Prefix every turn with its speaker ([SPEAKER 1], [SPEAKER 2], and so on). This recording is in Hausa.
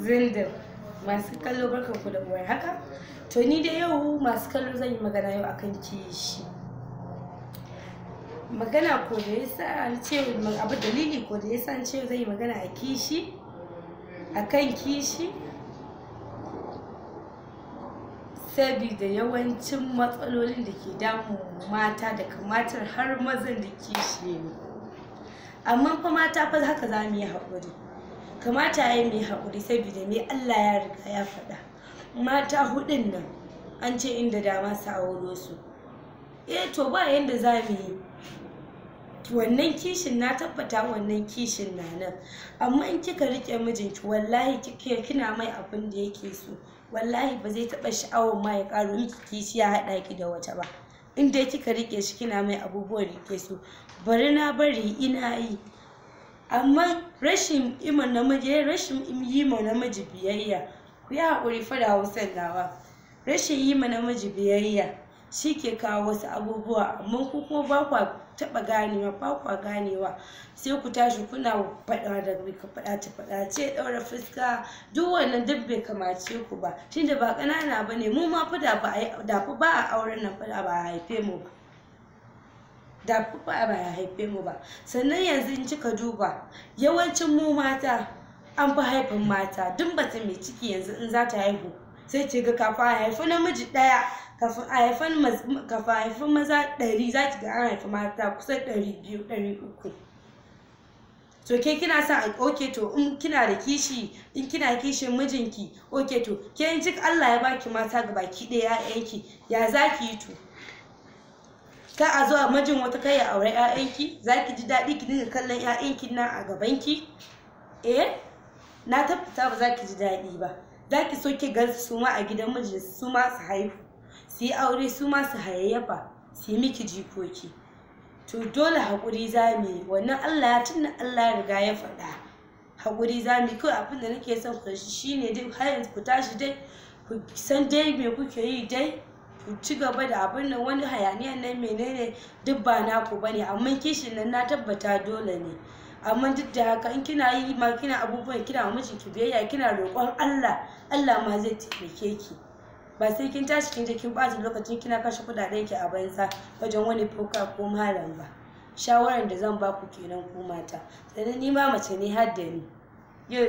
[SPEAKER 1] zindin masu kallo barkanku ku da uwar haka to ni da yau masu kallo zan yi magana yau akan kishi magana ko da yasa an ce abu dalili ko da yasa an ce zan yi magana a kishi akan kishi sabida yawancin matsalolin da ke damun mata da kamatar har mazan da kishi ne amma fa mata fa haka za mu yi haƙuri kamata ya yi mai haƙuri saboda mai allah ya riga ya faɗa mata hudun nan an ce inda dama su auro su eh to ba yadda za mu yi wannan kishin na tabbata wannan kishin na nan amma in kika riƙe mijinki wallahi kina mai abin da yake so wallahi ba zai taɓa sha'awar ma ya karo miki kishi ya haɗa ki da wata ba in dai kika riƙe shi kina mai abubuwan rike su bari na bari ina yi amma rashin ima namiji rashin yi ma namiji biyayya ku yi haƙuri fa da hausar nawa rashin yi ma namiji biyayya shi ke kawo wasu abubuwa amma ku kuma ba kwa taɓa ganewa ba kwa ganewa sai ku tashi kuna faɗa da faɗace ce ɗaura fuska duk wannan duk bai kamace ku ba tunda ba ƙanana ba ne mu ma fa da ba a auren nan fa ba a haife mu ba da ba ya haife mu ba sannan yanzu in kika duba yawancin mu mata an fi haifin mata duk bata mai ciki yanzu in za ta haihu sai ce ga kafin a haifi namiji ɗaya kafin a haifin kafin a maza ɗari za ki ga an haifi mata kusan ɗari biyu ɗari uku to ke kina sa a oke to in kina da kishi in kina kishin mijinki oke to ke in cik Allah ya baki mata ga baki ɗaya 'ya'yanki ya za ki yi to ka a zuwa mijin wata kai ya aure ƴaƴanki za ki ji daɗi ki dinga kallon ƴaƴanki na a gabanki eh na tabbata ba za ki ji daɗi ba za ki so ki gan su ma a gidan mijin su ma su haihu su yi aure su ma su hayayyafa su yi miki jikoki to dole haƙuri za mu yi wannan Allah ya tunna Allah ya riga ya faɗa haƙuri za mu yi kawai abin da nake son ku shi ne dai har yanzu ku tashi dai ku san dai me kuke yi dai ku ci gaba da abin nan wani hayaniyan nan menene duk ba naku bane amma kishin nan na tabbata dole ne amma duk da haka in kina yi ma kina abubuwan kina mijin ki biyayya kina roƙon Allah Allah ma zai taimake ki ba sai kin tashi kin je kin ɓata lokacin kina kashe kuɗaɗen ki a banza wajen wani foka ko malam ba shawaran da zan baku kenan ku mata sannan ni ma mace ne har da ni yau